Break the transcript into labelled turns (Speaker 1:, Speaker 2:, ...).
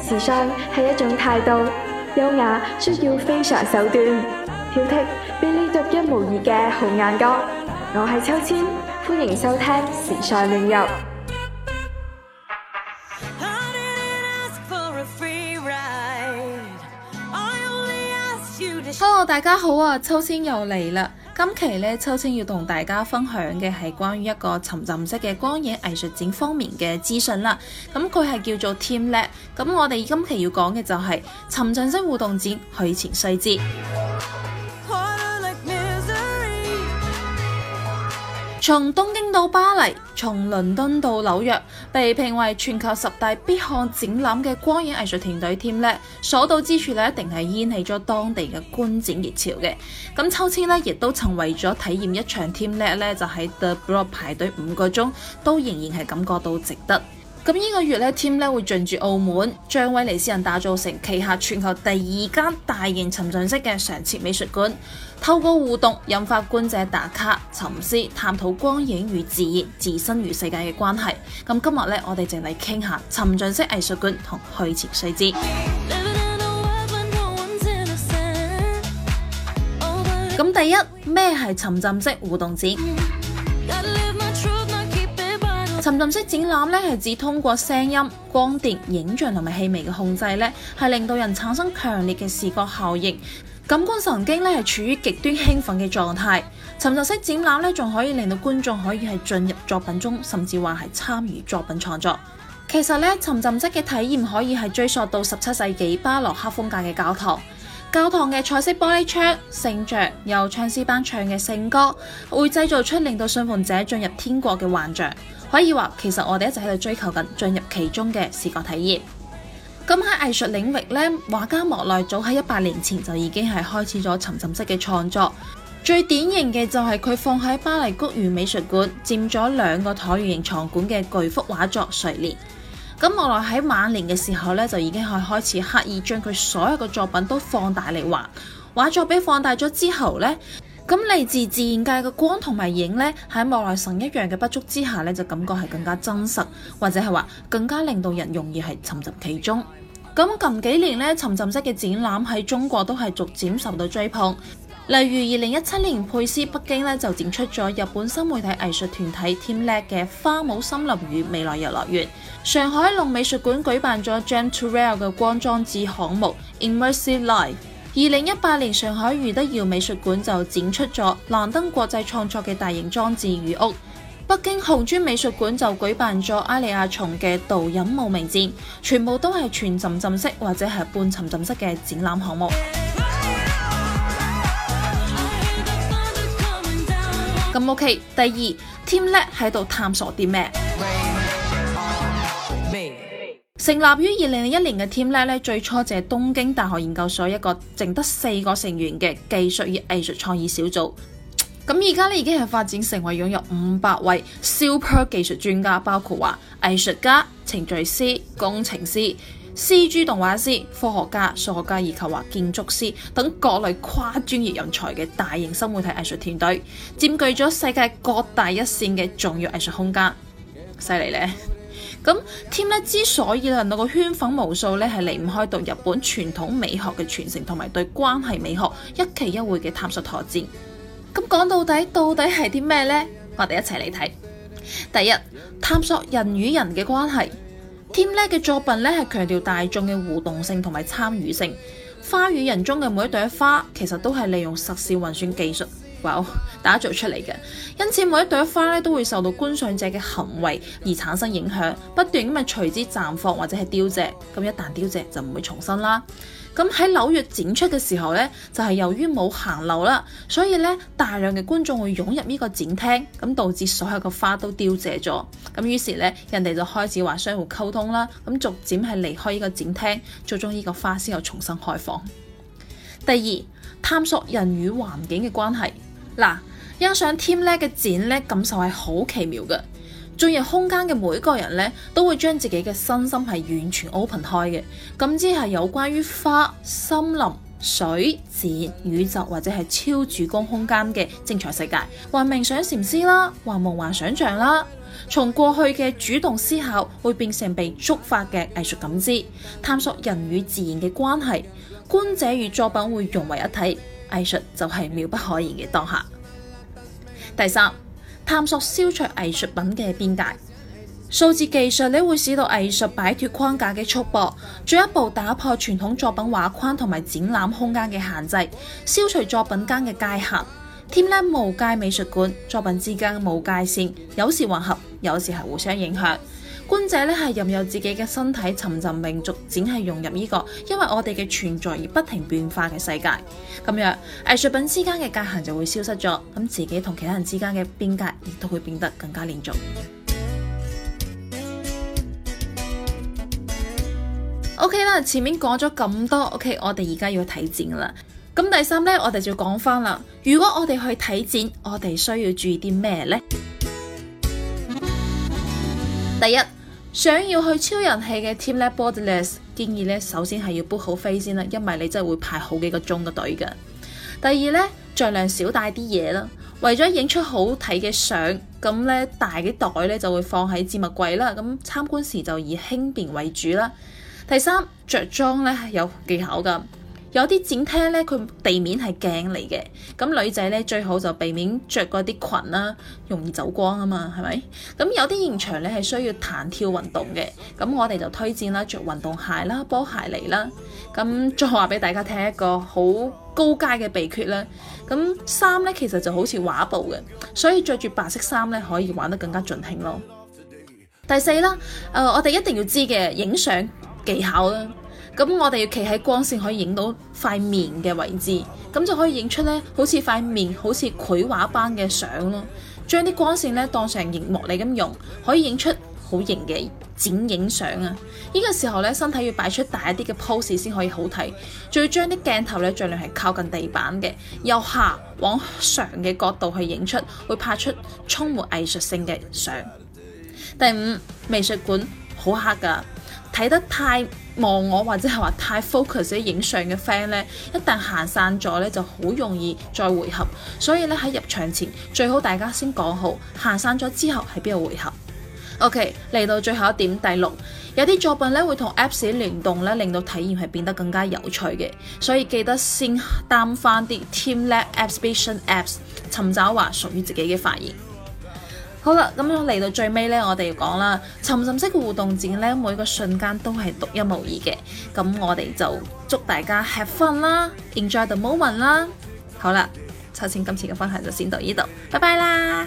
Speaker 1: 時尚係一種態度，優雅需要非常手段，挑剔俾你獨一無二嘅好眼光。我係秋千，歡迎收聽時尚亂遊。Hello，大家好啊，秋千又嚟啦。今期呢，秋千要同大家分享嘅係關於一個沉浸式嘅光影藝術展方面嘅資訊啦。咁佢係叫做 teamLab。咁我哋今期要講嘅就係、是、沉浸式互動展，去前須知。從東京到巴黎，從倫敦到紐約，被評為全球十大必看展覽嘅光影藝術團隊 teamLab，所到之處咧，一定係掀起咗當地嘅觀展熱潮嘅。咁秋千咧，亦都曾為咗體驗一場 teamLab 咧，就喺 The Broad 排隊五個鐘，都仍然係感覺到值得。咁呢個月咧，team 咧會進駐澳門，將威尼斯人打造成旗下全球第二間大型沉浸式嘅常設美術館。透過互動，引發觀者打卡、沉思、探討光影與自然、自身與世界嘅關係。咁今日咧，我哋就嚟傾下沉浸式藝術館同去前須知。咁 第一，咩係沉浸式互動展？沉浸式展覽咧，係指通過聲音、光電、影像同埋氣味嘅控制咧，係令到人產生強烈嘅視覺效應，感官神經咧係處於極端興奮嘅狀態。沉浸式展覽咧仲可以令到觀眾可以係進入作品中，甚至話係參與作品創作。其實咧，沉浸式嘅體驗可以係追溯到十七世紀巴洛克風格嘅教堂。教堂嘅彩色玻璃窗、聖像，由唱詩班唱嘅聖歌，會製造出令到信奉者進入天國嘅幻象。可以話，其實我哋一直喺度追求緊進入其中嘅視覺體驗。咁喺藝術領域呢，畫家莫奈早喺一百年前就已經係開始咗沉浸式嘅創作。最典型嘅就係佢放喺巴黎橘園美術館，佔咗兩個橢圓形藏館嘅巨幅畫作《睡蓮》。咁莫奈喺晚年嘅時候咧，就已經係開始刻意將佢所有嘅作品都放大嚟畫，畫作俾放大咗之後咧，咁嚟自自然界嘅光同埋影咧，喺莫奈神一樣嘅筆觸之下咧，就感覺係更加真實，或者係話更加令到人容易係沉浸其中。咁近幾年咧，沉浸式嘅展覽喺中國都係逐漸受到追捧。例如二零一七年，佩斯北京咧就展出咗日本新媒體藝術團體 teamLab 嘅《花舞森林與未來遊樂園》，上海龍美術館舉辦咗 James Turrell 嘅光裝置項目《Immersive Light》二零一八年，上海余德耀美術館就展出咗蘭登國際創作嘅大型裝置《雨屋》，北京紅磚美術館就舉辦咗埃利亞松嘅《道隱無名展》，全部都係全沉浸,浸式或者係半沉浸,浸式嘅展覽項目。咁 OK。第二，teamLab 喺度探索啲咩？成立於二零零一年嘅 teamLab，咧，最初就係東京大學研究所，一個淨得四個成員嘅技術與藝術創意小組。咁而家咧已經係發展成為擁有五百位 super 技術專家，包括話藝術家、程序師、工程師。CG 動畫師、科學家、數學家以及或建築師等各類跨專業人才嘅大型新媒體藝術團隊，佔據咗世界各大一線嘅重要藝術空間，犀利咧！咁 teamLab 之所以令到個圈粉無數咧，係離唔開對日本傳統美學嘅傳承，同埋對關係美學一期一會嘅探索拓展。咁講到底，到底係啲咩呢？我哋一齊嚟睇。第一，探索人與人嘅關係。teamLab 嘅作品咧，係強調大眾嘅互動性同埋參與性。花與人中嘅每一朵花，其實都係利用實時運算技術。Well, 打造出嚟嘅，因此每一朵花咧都會受到觀賞者嘅行為而產生影響，不斷咁啊隨之綻放或者係凋謝。咁一旦凋謝就唔會重生啦。咁喺紐約展出嘅時候呢，就係由於冇限流啦，所以呢大量嘅觀眾會湧入呢個展廳，咁導致所有嘅花都凋謝咗。咁於是呢，人哋就開始話相互溝通啦，咁逐漸係離開呢個展廳，最終呢個花先又重新開放。第二，探索人與環境嘅關係。嗱，欣賞 teamLab 嘅展咧，感受係好奇妙嘅。進入空間嘅每個人咧，都會將自己嘅身心係完全 open 開嘅。咁即係有關於花、森林、水、自然、宇宙或者係超主觀空間嘅精彩世界，或冥想禪思啦，或夢幻想象啦。從過去嘅主動思考，會變成被觸發嘅藝術感知，探索人與自然嘅關係，觀者與作品會融為一體。藝術就係妙不可言嘅當下。第三，探索消除藝術品嘅邊界，數字技術你會使到藝術擺脫框架嘅束縛，進一步打破傳統作品畫框同埋展覽空間嘅限制，消除作品間嘅界限，teamLab 無界美術館作品之間嘅無界線，有時混合，有時係互相影響。觀者咧係任由自己嘅身體沉浸命，逐漸係融入呢個，因為我哋嘅存在而不停變化嘅世界。咁樣藝術品之間嘅界限就會消失咗，咁自己同其他人之間嘅邊界亦都會變得更加連續。OK 啦，前面講咗咁多，OK，我哋而家要睇展啦。咁第三呢，我哋就講翻啦。如果我哋去睇展，我哋需要注意啲咩呢？第一。想要去超人氣嘅 teamLab Borderless 建議首先係要 book 好飛先啦，因為你真係會排好幾個鐘嘅隊㗎。第二咧，盡量少帶啲嘢啦，為咗影出好睇嘅相，咁咧大嘅袋咧就會放喺置物櫃啦，咁參觀時就以輕便為主啦。第三，着裝咧有技巧㗎。有啲展廳咧，佢地面係鏡嚟嘅，咁女仔咧最好就避免着嗰啲裙啦，容易走光啊嘛，係咪？咁有啲現場咧係需要彈跳運動嘅，咁我哋就推薦啦着運動鞋啦、波鞋嚟啦。咁最後話俾大家聽一個好高階嘅秘訣啦，咁衫咧其實就好似畫布嘅，所以着住白色衫咧可以玩得更加盡興咯。第四啦，誒、呃、我哋一定要知嘅影相技巧啦。咁我哋要企喺光線可以影到塊面嘅位置，咁就可以影出咧好似塊面好似繪畫般嘅相咯。將啲光線咧當成熒幕嚟咁用，可以影出好型嘅剪影相啊！呢個時候咧，身體要擺出大一啲嘅 pose 先可以好睇，仲要將啲鏡頭咧儘量係靠近地板嘅，由下往上嘅角度去影出，會拍出充滿藝術性嘅相。第五，美術館好黑㗎。睇得太忘我或者係話太 focus 啲影相嘅 friend 咧，一旦行散咗咧，就好容易再回合。所以咧喺入場前最好大家先講好，行散咗之後喺邊度回合。OK，嚟到最後一點第六，有啲作品咧會同 Apps 聯動咧，令到體驗係變得更加有趣嘅。所以記得先擔翻啲 TeamLab、Apps Vision Apps，尋找話屬於自己嘅發現。好啦，咁我嚟到最尾呢，我哋要講啦，沉浸式嘅互動展呢，每個瞬間都係獨一無二嘅。咁我哋就祝大家 have fun 啦，enjoy the moment 啦。好啦，秋千今次嘅分享就先到呢度，拜拜啦。